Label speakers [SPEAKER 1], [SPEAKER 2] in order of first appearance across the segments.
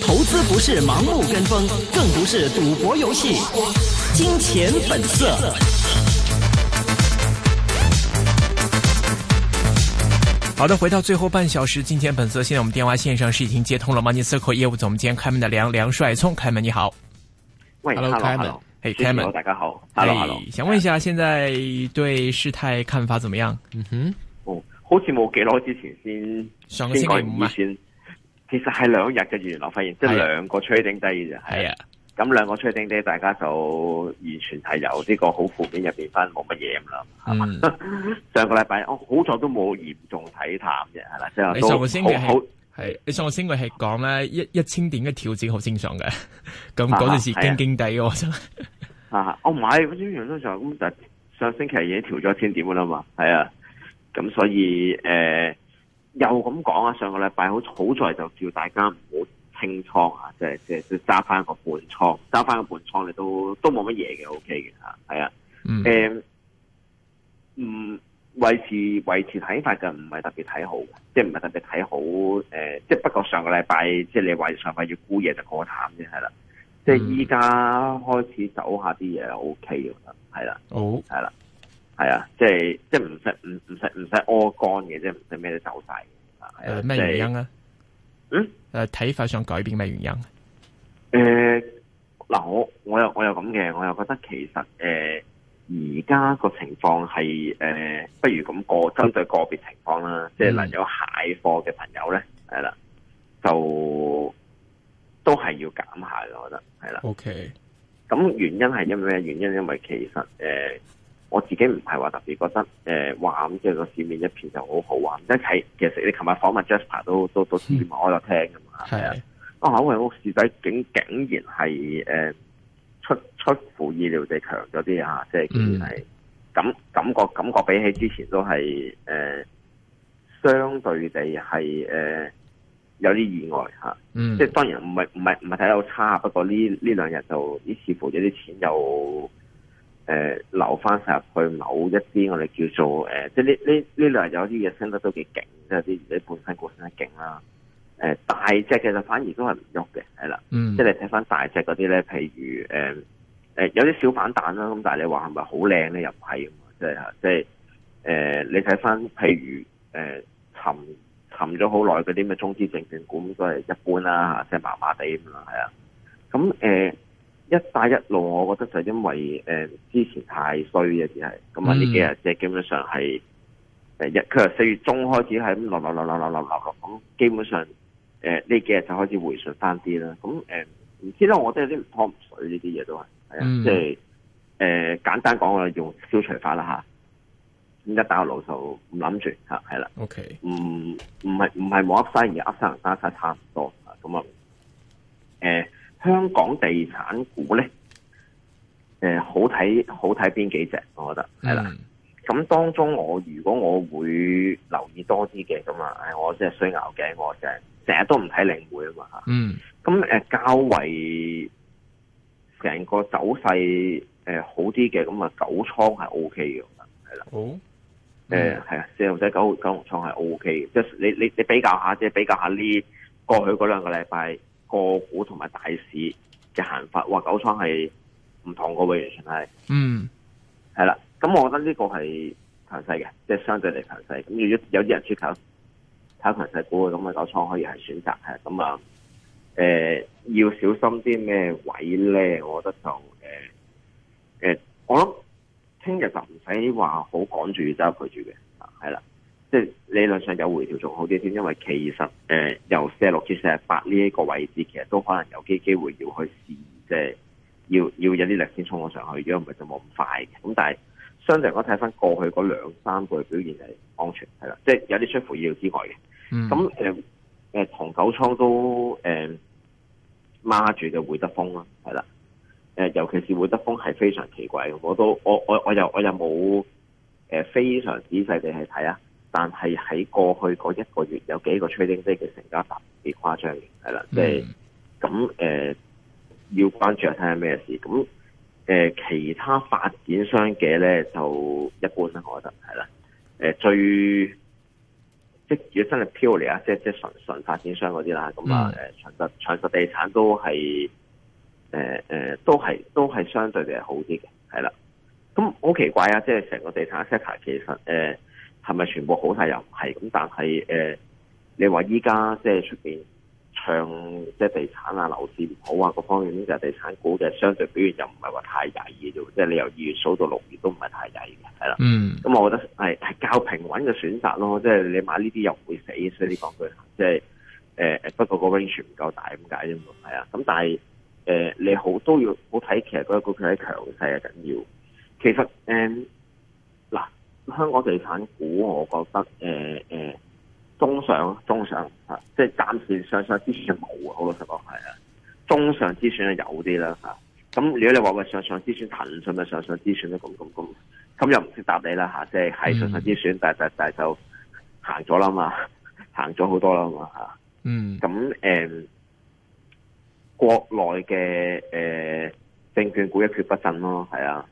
[SPEAKER 1] 投資不是盲目跟風，更不是賭博遊戲。金錢本色。好的，回到最後半小時，金錢本色。現在我們電話線上是已經接通了，Money Circle 業務總監 Clement 的梁梁帥聰、hey, hey. hey. Clement，你好。Hello，Clement，hey Clement，大
[SPEAKER 2] 家好，Hello，
[SPEAKER 1] 想問一下，現在對事態看法怎麼樣？嗯哼。
[SPEAKER 2] 好似冇幾耐之前先上星期五啊，前其實係兩日嘅原來發現，即係兩個 trading day 嘅啫。係啊，咁兩、啊、個 trading day，大家就完全係由呢個好負面入邊翻冇乜嘢咁啦。上個禮拜我好在都冇嚴重睇淡嘅，係咪你上個星
[SPEAKER 1] 期係、啊、你上個星期係講咧一一千點嘅調整好正常嘅，咁嗰陣時驚驚地喎，我真
[SPEAKER 2] 係啊！ 啊 oh、my, 我唔係，咁樣樣咧咁就上星期已經調咗一千點噶啦嘛，係啊。咁所以，誒，又咁講啊！上個禮拜好好在就叫大家唔好清倉啊，即係即係即係揸翻個半倉，揸翻個半倉你都都冇乜嘢嘅，O K 嘅吓，係啦誒，嗯，維持維持睇法嘅，唔係特別睇好嘅，即係唔係特別睇好，誒，即係不過上個禮拜，即係你話上個月估嘢就過淡啫，係啦，即係依家開始走下啲嘢，O K 嘅，係啦，好，係啦。哦係啊，即係即係唔使唔唔使唔使屙乾嘅，即係唔使咩都走晒。
[SPEAKER 1] 誒、啊，咩原因啊？嗯？誒、啊，睇法上改變咩原因？誒、
[SPEAKER 2] 呃，嗱、呃，我我又我又咁嘅，我又覺得其實誒，而家個情況係誒，不如咁個針對個別情況啦、嗯，即係例如有蟹貨嘅朋友咧，係啦、啊，就都係要減下嘅，我覺得係啦。O K. 咁原因係因為咩原因？因為其實誒。呃我自己唔係話特別覺得誒玩即係個市面一片就好好玩，即係其實你琴日訪問 Jasper 都都都專門開咗聽噶嘛。
[SPEAKER 3] 係、嗯、
[SPEAKER 2] 啊，啊好嘅，個市仔竟竟然係誒、呃、出出乎意料地強咗啲啊！即係竟然係感感覺感覺比起之前都係誒、呃、相對地係誒、呃、有啲意外吓、啊嗯。即係當然唔係唔係唔係睇到差，不過呢呢兩日就啲似乎有啲錢又。誒、呃、留翻晒入去某一啲，我哋叫做誒、呃，即係呢呢呢兩日有啲嘢升得都幾勁，即係啲啲本身股升得勁啦。誒、呃、大隻嘅就反而都係唔喐嘅，係啦、嗯，即係你睇翻大隻嗰啲咧，譬如誒、呃、有啲小反彈啦，咁但係你話係咪好靚咧？又唔係咁啊，即係即係誒你睇翻譬如誒、呃、沉沉咗好耐嗰啲咩中資證券股都係一般啦，即係麻麻地咁啊，係啊，咁誒。嗯呃一帶一路，我覺得就係因為誒、嗯、之前太衰嘅，先係咁啊！呢、嗯、幾日即係基本上係誒一，佢啊四月中開始係咁落落落落落落落落，咁基本上誒呢、呃、幾日就開始回順翻啲啦。咁誒唔知啦，我覺得都有啲唔湯唔水呢啲嘢都係，係啊、嗯，即係誒簡單講，我用消除法啦嚇。一帶一路唔諗住嚇係啦，OK，唔唔係唔係冇 upside 而 upside，叉叉叉。香港地產股咧，誒、呃，好睇好睇邊幾隻？我覺得係啦。咁、mm. 當中我如果我會留意多啲嘅，咁啊，誒、哎，我即係衰牛嘅，我成成日都唔睇領匯啊嘛。
[SPEAKER 3] 嗯、
[SPEAKER 2] mm.。咁、呃、誒，較為成個走勢誒、呃、好啲嘅，咁啊，九倉係 O K 嘅，係啦。好、
[SPEAKER 3] oh. 嗯。誒、呃，
[SPEAKER 2] 係啊，四號仔九九龍倉係 O K 嘅，即、就、係、是、你你你比較下，即、就、係、是、比較下呢過去嗰兩個禮拜個股同埋大市嘅行法，哇！九倉係唔同個位，完全係，嗯、mm.，係啦。咁我覺得呢個係強勢嘅，即係相對嚟強勢。咁如果有啲人出頭，睇下強勢股，咁啊九倉可以係選擇嘅。咁啊，誒、呃，要小心啲咩位咧？我覺得就誒，誒、呃，我諗聽日就唔使話好趕住揸住住嘅，係啦。是即係理論上有回調仲好啲先，因為其實誒、呃、由四十六至四十八呢一個位置，其實都可能有機會要去試，即係要要有啲力先衝咗上去，如果唔係就冇咁快嘅。咁但係相對嚟講，睇翻過去嗰兩三個表現係安全係啦，即係有啲出乎意料之外嘅。咁誒誒，同九倉都誒孖住嘅會德豐啦，係啦、呃，尤其是會德豐係非常奇怪嘅，我都我我我又我又冇誒非常仔細地去睇啊。但係喺過去嗰一個月有幾個吹丁飛嘅成交特別誇張，係啦，即係咁要關注下睇下咩事。咁、呃、其他發展商嘅咧就一般啦，我覺得係啦。最即係如果真係漂嚟啊，即係即係純純發展商嗰啲啦，咁啊、mm. 呃、長實長實地產都係、呃、都係都係相對地係好啲嘅，係啦。咁好奇怪啊！即係成個地產 sector 其實、呃係咪全部好曬又唔係咁？但係誒、呃，你話依家即係出邊唱，即係地產啊、樓市唔好啊嗰方面就係地產股嘅相對表現又唔係話太曳嘅啫。即係你由二月數到六月都唔係
[SPEAKER 3] 太曳嘅，係啦。Mm. 嗯。
[SPEAKER 2] 咁我覺得係係較平穩嘅選擇咯。即係你買呢啲又唔會死，所以你講句即係誒誒。不過個 range 唔夠大咁解啫嘛。係啊。咁但係誒、呃，你好都要好睇，看其實嗰個股票係強勢係緊要。其實誒。嗯香港地產股，我覺得誒誒、呃呃，中上中上吓、啊，即係暫時上上之選就冇啊，好老實講係啊，中上之選就有啲啦吓。咁、啊、如果你話個上上之選騰訊啊，上上之選都咁咁咁，咁又唔識答你啦吓，即係係上上之選，但但但就行咗啦嘛，行咗好多啦嘛吓。嗯。咁誒、啊嗯嗯嗯，國內嘅誒證券股一蹶不振咯，係啊。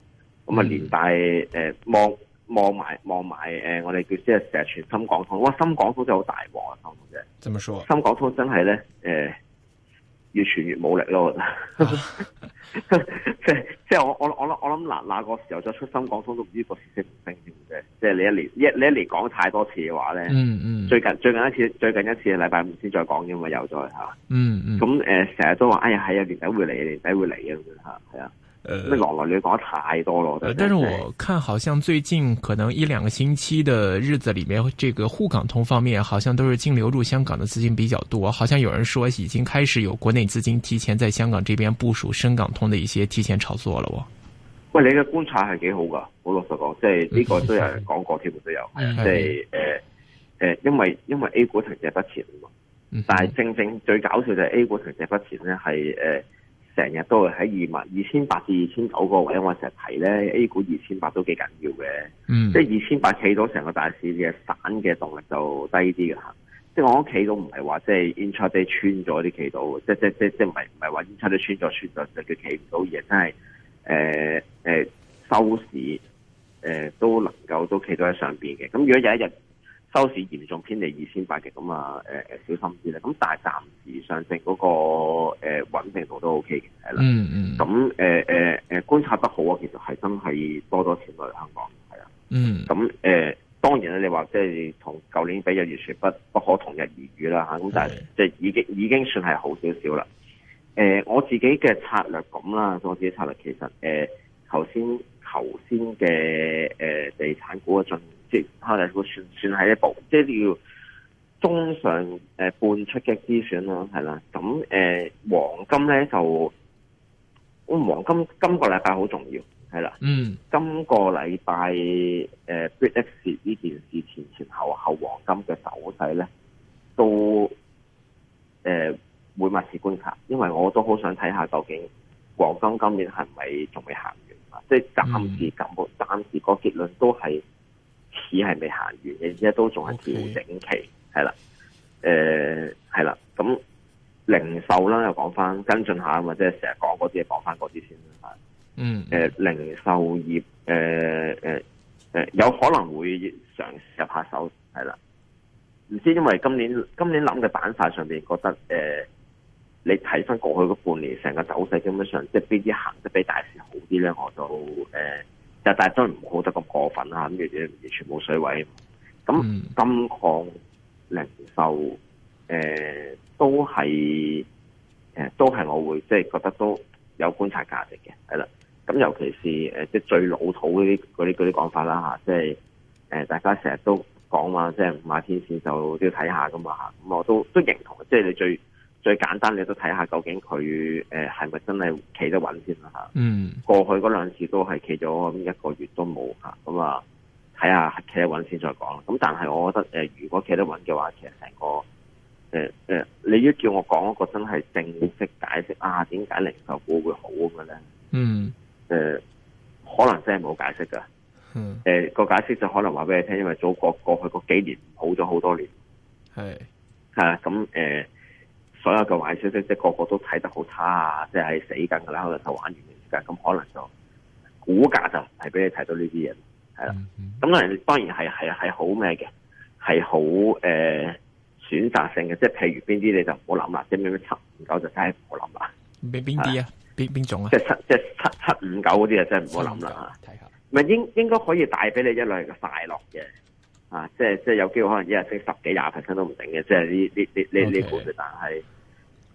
[SPEAKER 2] 咁啊連帶誒望。嗯呃望埋望埋誒，我哋叫即係成日傳深港通，哇！深港通真係好大鑊啊，深通怎麼說？深港通真係咧誒，越傳越冇力咯、啊。 即係即係我我我諗我諗嗱那，那個時候再出深港通都唔知個消息唔定嘅，即係你一年一你一年講太多次嘅話咧。嗯嗯。最近最近一次最近一次禮拜五先再講嘅嘛，又再吓。
[SPEAKER 3] 嗯、啊、
[SPEAKER 2] 嗯。咁、嗯、誒，成、嗯、日都話哎呀，係啊，年底會嚟，年底會嚟啊，吓係啊。你羅你講得太多咯，但係，但是我
[SPEAKER 1] 看好像最近可能一兩個星期的日子裏面，這個滬港通方面好像都是淨流入香港的資金比較多，好像有人說已經開始有國內資金提前在香港這邊部署深港通的一些提前炒作了。我，
[SPEAKER 2] 喂，你嘅觀察係幾好噶？好老實講，即係呢個都有人講過，基本都有，即係誒誒，因為因為 A 股停滯不前，嗯、但係正正最搞笑就係 A 股停滯不前咧，係、呃、誒。成日都係喺二萬二千八至二千九個位，我成日提咧 A 股二千八都幾緊要嘅、嗯，即係二千八企到成個大市嘅反嘅動力就低啲嘅，即係我屋企都唔係話即係 intraday 穿咗啲企到，即即即即唔係唔係話 intraday 穿咗穿咗就叫企唔到嘢，真係誒收市誒、呃、都能夠都企到喺上面嘅。咁如果有一日，收市嚴重偏離二千八嘅，咁、呃、啊，誒誒小心啲咧。咁但係暫時上升嗰、那個誒、呃、穩定度都 OK 嘅，係啦。嗯、mm、嗯 -hmm.。咁誒誒誒觀察得好啊，其實係真係多多錢去香港
[SPEAKER 3] 係啊。嗯。
[SPEAKER 2] 咁、mm、誒 -hmm. 呃、當然咧，你話即係同舊年比有如雪不不可同日而語啦嚇。咁、啊、但係、mm -hmm. 即係已經已經算係好少少啦。誒、呃，我自己嘅策略咁啦，我自己策略其實誒頭先頭先嘅誒地產股嘅進。下跌股算算係一步，即係你要中上誒半出嘅資損咯，係啦。咁誒、呃、黃金咧就，嗯黃金今個禮拜好重要，係啦。嗯，今個禮拜誒 Brexit 呢件事前前后後黃金嘅走勢咧，都誒會密切觀察，因為我都好想睇下究竟黃金今年係咪仲未行完啊、嗯。即係暫時咁，暫時個結論都係。只係未行完，而且都仲係調整期，係、okay. 啦，誒、呃，係啦，咁零售啦又講翻，跟進下或者係成日講嗰啲，講翻嗰啲先啦，嗯，
[SPEAKER 3] 誒，零
[SPEAKER 2] 售業，誒、呃，誒、呃，誒、呃，有可能會嘗試入下手，係啦，唔知因為今年今年諗嘅板塊上面覺得誒、呃，你睇翻過去嗰半年成個走勢，基本上，即係邊啲行得比大市好啲咧，我就誒。呃就但係當然唔好得咁過分啦，咁樣嘢完全冇水位，咁金礦零售誒、呃、都係誒都係我會即係覺得都有觀察價值嘅係啦。咁尤其是誒即係最老土嗰啲啲啲講法啦吓，即係誒大家成日都講話即係買天線就都要睇下噶嘛，咁我都都認同即係、就是、你最。最簡單，你都睇下究竟佢係咪真係企得穩先啦嚇。
[SPEAKER 3] 嗯，
[SPEAKER 2] 過去嗰兩次都係企咗一個月都冇嚇。咁啊睇下企得穩先再講。咁但係我覺得、呃、如果企得穩嘅話，其實成個誒、呃呃、你要叫我講一個真係正式解釋啊，點解零售股會好咁嘅咧？嗯，誒、呃，可能真係冇解釋㗎。嗯，個、呃、解釋就可能話俾你聽，因為中國過去嗰幾年好咗好多年。係係啊，咁誒。嗯嗯。所有嘅壞消息，即係個個都睇得好差啊！即係死緊噶啦，可能就玩完嘅。咁可能就股價就係俾你睇到呢啲嘢，係啦。咁、嗯、啊、嗯，當然係係係好咩嘅，係好誒、呃、選擇性嘅。即係譬如邊啲你就唔好諗啦，即係咩七五九就真係唔好諗啦。邊邊啲啊？邊邊種啊？即係七七七五九嗰啲啊，真係唔好諗啦。睇下，唔係應應該可以帶俾你一兩日嘅快樂嘅啊！即係即係有機會可能一日升十幾廿 percent 都唔定嘅，即係呢呢呢呢呢盤，但係。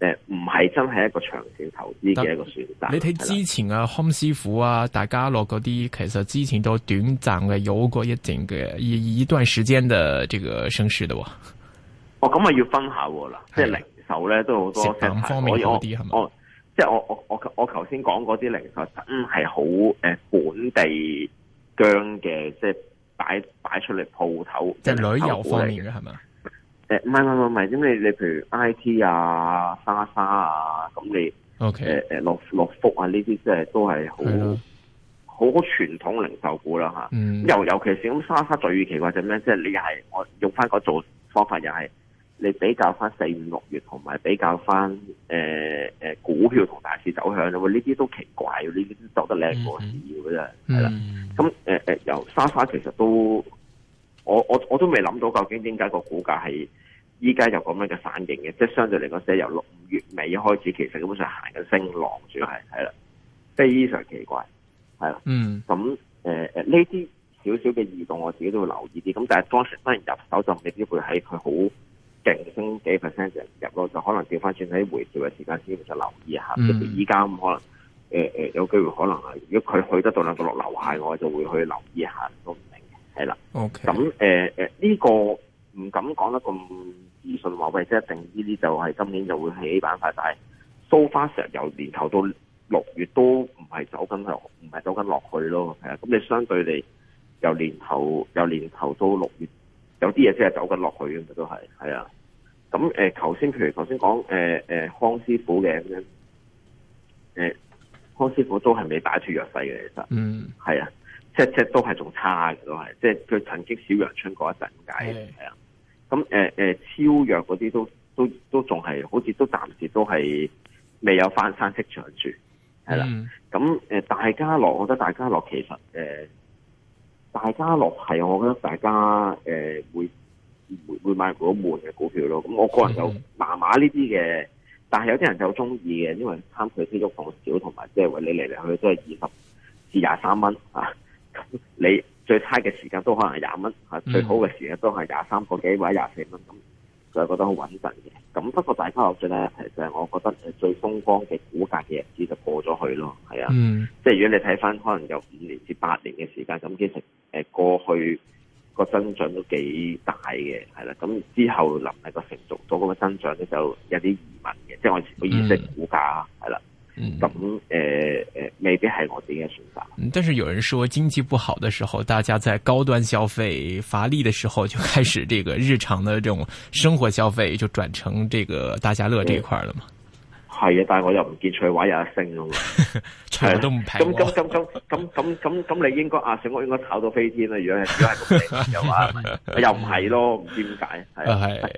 [SPEAKER 2] 誒、呃，唔係真係一個長期投資嘅一個選擇。你睇之
[SPEAKER 1] 前啊，康師傅啊，大家樂嗰啲，其實之前都短暫嘅，有過一陣嘅一一段時間嘅呢個升市嘅，哇、
[SPEAKER 2] 哦。哦，咁啊要分下啦，即係零售咧都好多品方面以啲係咪？即係我我我我頭先講嗰啲零售真係好誒，本地薑嘅，即係擺擺出嚟鋪頭，即係旅遊方面嘅係咪？誒、呃，唔係唔唔係，咁你你譬如 I T 啊、莎莎啊，咁你，O K，誒誒，樂、okay. 樂、呃、福啊呢啲即係都係好，好好傳統零售股啦吓，尤、啊 mm. 尤其是咁莎莎最奇怪就咩？即係你又係我用翻嗰種方法，又係你比較翻四五六月同埋比較翻誒誒股票同大市走向，喂呢啲都奇怪，呢啲都走得靚過市嘅啫，係、mm. 啦。咁誒誒，由莎莎其實都。我我我都未諗到，究竟點解個股價係依家有咁樣嘅反應嘅？即係相對嚟講，即係由六月尾開始，其實基本上是行緊升浪，主要係係啦，非常奇怪，係啦。嗯。咁誒誒，呢啲少少嘅異動，我自己都會留意啲。咁但係當時雖然入手就未必會喺佢好勁升幾 percent 入咯，就可能調翻轉喺回調嘅時間先就留意一下。嗯即係。依家咁可能誒誒、呃，有機會可能啊，如果佢去得到兩個落樓下，我就會去留意一下。係啦，咁誒誒，呢、呃這個唔敢講得咁自信話，喂，即一定呢啲就係今年就會起板塊，但係 so far 由年頭到六月都唔係走緊落，唔係走緊落去咯。咁你相對嚟，由年頭由年頭到六月，有啲嘢即係走緊落去嘅，都係係啊。咁誒，頭先、呃、譬如頭先講誒誒康師傅嘅咁樣，誒、呃、康師傅都係未擺脫弱勢嘅，其實嗯係啊。Mm. 即即都係仲差嘅，都係即佢曾經小陽春嗰一陣解，係啊。咁誒誒超弱嗰啲都都都仲係，好似都暫時都係未有翻身色搶住，係啦。咁誒、嗯呃、大家樂，我覺得大家樂其實誒、呃、大家樂係我覺得大家誒會會會買入嗰門嘅股票咯。咁我個人就麻麻呢啲嘅，但係有啲人就中意嘅，因為貪佢啲喐少同埋，即係話你嚟嚟去去都係二十至廿三蚊啊。 你最差嘅時間都可能廿蚊、嗯，最好嘅時間都係廿三個幾或者廿四蚊咁，就是、覺得好穩陣嘅。咁不過大波後進呢，其、就、實、是、我覺得誒最風光嘅股價嘅日子就過咗去咯，係啊、嗯，即係如果你睇翻可能由五年至八年嘅時間，咁其實誒過去個增長都幾大嘅，係啦。咁之後臨嚟個成熟度嗰個增長咧，就有啲疑問嘅，即係我哋全部意識股價係啦。嗯咁誒誒，未必係我哋嘅選擇。
[SPEAKER 1] 嗯，但是有人說經濟不好的時候，大家在高端消費乏力的時候，就開始這個日常的這種生活消費就轉成這個大家樂這一塊啦嘛。
[SPEAKER 2] 係、嗯、啊，但係我又唔見翠華有一升啊嘛，全 部都唔平。咁咁咁咁咁咁咁你應該阿醒我應該炒到飛天啦，如果如果係咁嚟又又唔係咯，唔知點解
[SPEAKER 1] 係係。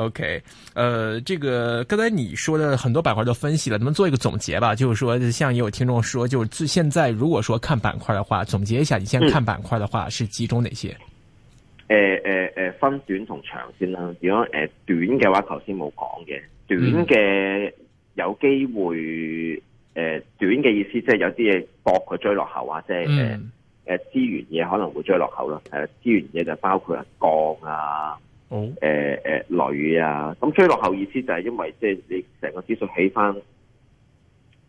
[SPEAKER 1] OK，呃，這個剛才你說的很多板塊都分析了，能不能做一個總結吧？就是說，像也有聽眾說，就是現在如果說看板塊的話，總結一下，你先看板塊的話、嗯、是集中哪些？
[SPEAKER 2] 誒誒誒，分短同長先啦。如果誒、呃、短嘅話，頭先冇講嘅，短嘅有機會誒、呃，短嘅意思即係有啲嘢搏佢追落後啊，即係誒誒資源嘢可能會追落後咯。誒，資源嘢就包括啊鋼啊。誒、呃、誒，鋁、呃、啊，咁追落後意思就係因為即係你成個指數起翻，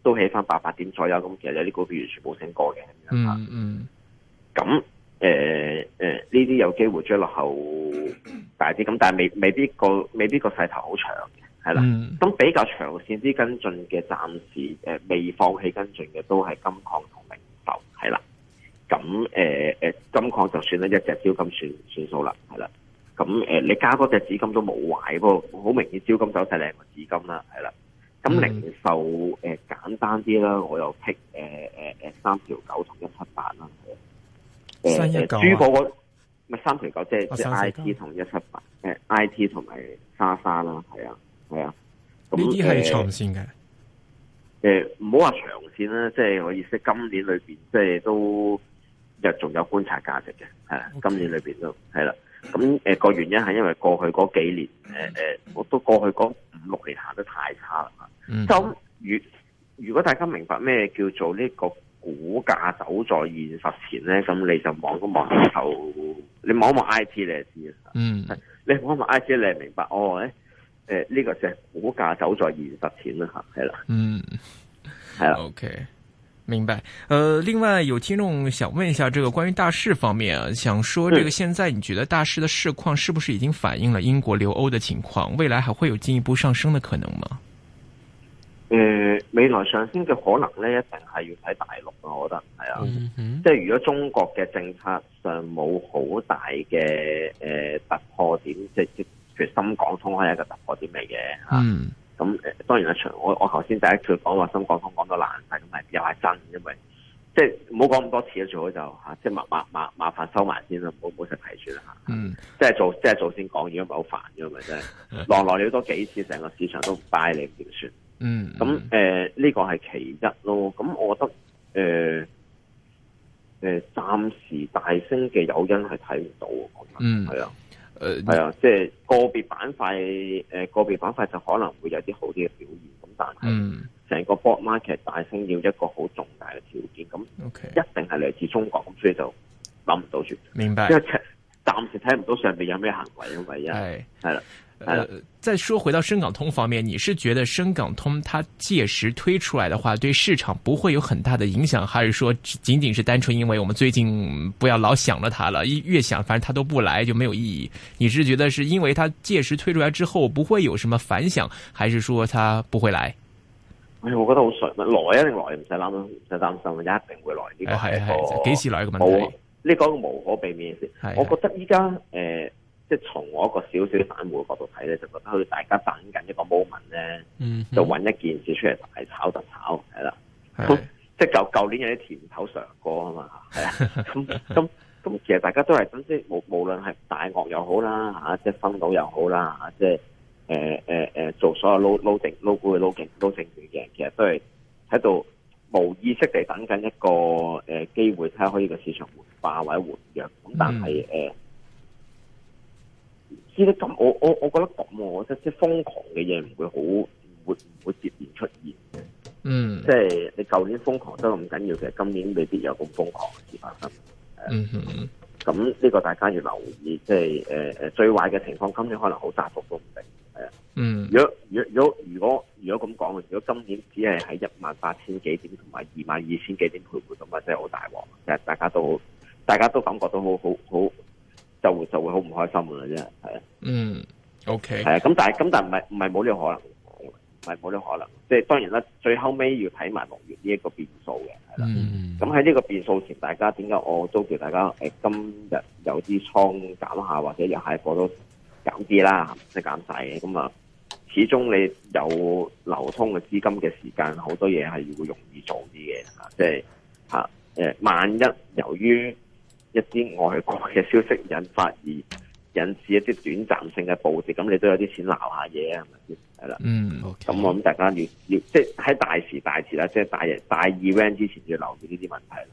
[SPEAKER 2] 都起翻八八點左右，咁其實呢啲股票完全冇升過嘅。嗯、mm、嗯 -hmm. 啊。咁誒誒，呢、呃、啲有機會追落後大啲，咁但係未未必個未必個勢頭好長嘅，係啦。咁、mm -hmm. 比較長線啲跟進嘅，暫時誒未放棄跟進嘅，都係金礦同龍頭，係啦。咁誒誒，金礦就算啦，一隻招金算算數啦，係啦。咁你加嗰隻紙金都冇壞，不過好明顯招金走勢靚過紙金啦，係啦。咁零售誒簡單啲啦，我又 pick 誒三條九同一七八啦。新一九，唔係三條九，即係 I T 同一七八，I T 同埋莎莎啦，係啊，係
[SPEAKER 1] 啊。呢啲係長線嘅。誒唔
[SPEAKER 2] 好話長線啦，即係我意思，今年裏面，即係都日仲有觀察價值嘅，係啦。Okay. 今年裏面都係啦。咁誒個原因係因為過去嗰幾年誒誒，我、呃呃、都過去嗰五六年行得太差啦。咁、嗯、如如果大家明白咩叫做呢個股價走在現實前咧，咁你就望一望就你望一望 I T 你就知啦。嗯，你望一望 I T 你明白哦？誒、呃，誒、這、呢個就係股價走在現實前啦吓，係啦。嗯，
[SPEAKER 3] 係啦。O K。
[SPEAKER 1] 明白、呃，另外有聽眾想問一下，這個關於大市方面、啊，想說，這個現在你覺得大市的市況是不是已經反映了英國留歐的情況？未來還會有進一步上升的可能嗎？誒、嗯，
[SPEAKER 2] 未來上升嘅可能呢，一定係要睇大陸啊，我覺得係啊，即係如果中國嘅政策上冇好大嘅誒突破點，即譬如深港通係一個突破點嚟嘅。咁當然阿徐我我頭先第一句講話深港通講到爛曬，咁咪又係真，因為即係唔好講咁多次啦，最好就即麻麻麻麻煩收埋先啦，唔好唔好食住先嚇。
[SPEAKER 3] 嗯，
[SPEAKER 2] 即係做即係做先講如果唔係好煩嘅咪真，浪浪了多幾次，成個市場都唔 buy 你點算？嗯，咁誒呢個係其一咯。咁我覺得誒誒、呃、暫時大升嘅誘因係睇唔到，嗯，係啊。係啊、uh,，即係個別板塊，誒、呃，個別板塊就可能會有啲好啲嘅表現，咁但係成個 bull market 大升要一個好重大嘅條件，咁一定係嚟自中國，咁所以就諗唔到住。
[SPEAKER 3] 明
[SPEAKER 1] 白，即係
[SPEAKER 2] 暫時睇唔到上邊有咩行為，因為一係啦。
[SPEAKER 1] 呃，再說回到深港通方面，你是覺得深港通它屆時推出來的話，對市場不會有很大的影響，還是說僅僅是單純因為我們最近不要老想着它了，越想反正它都不來就沒有意義？你是覺得是因為它屆時推出來之後不會有什麼反響，還是說它不會來？
[SPEAKER 2] 哎，我覺得好衰，來一定來，唔使諗，唔使擔心，十五日一定會來、這個。哎，還還
[SPEAKER 1] 幾時嚟一個問題，
[SPEAKER 2] 你、這、講、個無，這個、無可避免先、哎，我覺得依家誒。呃即係從我一個少少散戶角度睇咧，就覺得好似大家等緊一個 moment 咧，就揾一件事出嚟，大炒特炒，係啦。即係舊舊年有啲甜頭嘗過啊嘛，係啊。咁咁咁，其實大家都係真知，無無論係大鱷又好啦嚇、啊，即係新老又好啦嚇、啊，即係誒誒誒做所有攞攞定攞股嘅攞定攞證嘅，其實都係喺度無意識地等緊一個誒、呃、機會，睇下可以個市場活化或者活躍。咁但係誒。嗯呃先咁，我我我覺得咁，我即係即係瘋狂嘅嘢唔會好唔會唔會接連出現嘅，嗯、mm -hmm.，即係你舊年瘋狂得咁緊要嘅，今年未必有咁瘋狂嘅事發生，嗯嗯嗯，咁呢個大家要留意，即係誒誒最壞嘅情況，今年可能好大幅都唔定，係啊，嗯，如果如果如果如果如果咁講，如果今年只係喺一萬八千幾點同埋二萬二千幾點徘徊，咁啊即係好大鑊，其實大家都大家都感覺到好好好。好就會就會好唔開心嘅啦，啫係啊，嗯
[SPEAKER 3] ，OK，係啊，咁但
[SPEAKER 2] 係咁但係唔係唔係冇呢個可能，唔係冇呢個可能，即係當然啦，最後尾要睇埋六月呢一個變數嘅，係啦，咁喺呢個變數前，大家點解我都叫大家誒、哎、今日有啲倉減下，或者有啲貨都減啲啦，即係減晒嘅，咁、嗯、啊，始終你有流通嘅資金嘅時間，好多嘢係會容易做啲嘅，吓、啊，即係吓，誒、啊，萬一由於。一啲外國嘅消息引發而引致一啲短暫性嘅暴跌，咁你都有啲錢撈下嘢啊，係咪先？係啦，嗯，咁、okay、我諗大家要要，即係喺大時大時啦，即、就、係、是、大大 event 之前就要留意呢啲問題。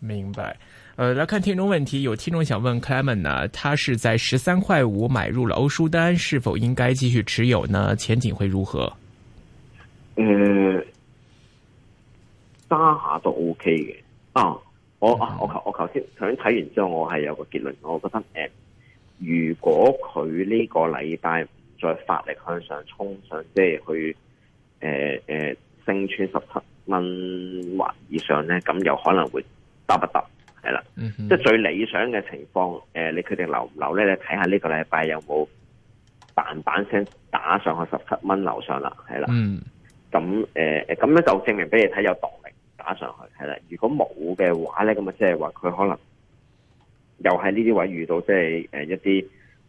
[SPEAKER 1] 明白。誒、呃，來看聽眾問題，有聽眾想問 Clement 呢、啊，他是在十三塊五買入了歐舒丹，是否應該繼續持有呢？前景會如何？
[SPEAKER 2] 誒、嗯，揸下都 OK 嘅，啊。我啊，我我頭先頭先睇完之後，我係有個結論，我覺得、呃、如果佢呢個禮拜再發力向上衝上，即係去誒升穿十七蚊或以上咧，咁有可能會搭不搭？係啦，mm -hmm. 即係最理想嘅情況、呃、你決定留唔留咧？你睇下呢個禮拜有冇彈板聲打上去十七蚊樓上啦，係啦，嗯、mm -hmm.，咁誒咁咧就證明俾你睇有檔。打上去，係啦。如果冇嘅話咧，咁啊，即係話佢可能又喺呢啲位遇到，即係誒一啲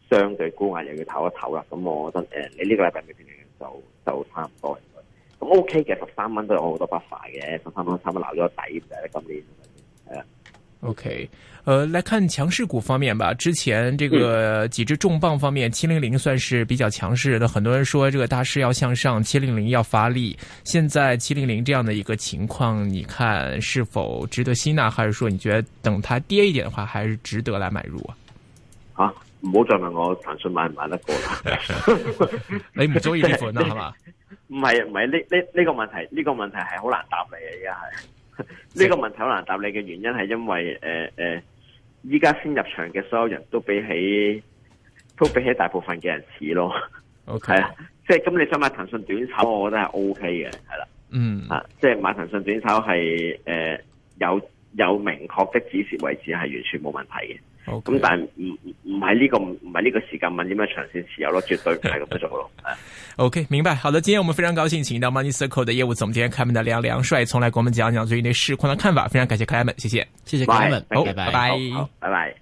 [SPEAKER 2] 相對高壓，又要唞一唞啦。咁我覺得誒，你呢個禮拜嘅表現就就差唔多。咁 OK 嘅，十三蚊都有好多 buffer 嘅，十三蚊差唔多留咗個底就喺呢方面。今年
[SPEAKER 1] OK，呃，來看強勢股方面吧。之前這個幾隻重磅方面，七零零算是比較強勢的。很多人說這個大勢要向上，七零零要發力。現在七零零這樣的一個情況，你看是否值得吸納？還是說你覺得等它跌一點的話，還是值得來買入啊？
[SPEAKER 2] 啊，唔好再問我騰訊買唔買得過啦
[SPEAKER 3] 啊？ 你
[SPEAKER 1] 唔鍾意呢款啦係嘛？
[SPEAKER 2] 唔係唔係，呢呢呢個問題，呢、呢個問題係好難答你嘅，依家係。呢、這個問題好難答你嘅原因係因為誒誒，依、呃、家、呃、先入場嘅所有人都比起都比起大部分嘅人遲咯。OK，係啊，即係咁你想買騰訊短炒，我覺得係 OK 嘅，係啦、啊，嗯、mm. 啊，即係買騰訊短炒係誒有有明確的指示位置，係完全冇問題嘅。好、okay，咁但係唔唔係呢個唔係呢個時間問點樣長線持有咯，絕對唔係咁樣
[SPEAKER 3] 做
[SPEAKER 1] 咯。 嗯、o、okay, K，明白，好的，今天我們非常高興，請到 Money Circle 的業務總監 Clement 的梁梁帥，聰來給我們講講最近市況的看法。非常感謝 Clement，謝謝，謝謝 Clement，好，拜拜，拜
[SPEAKER 2] 拜。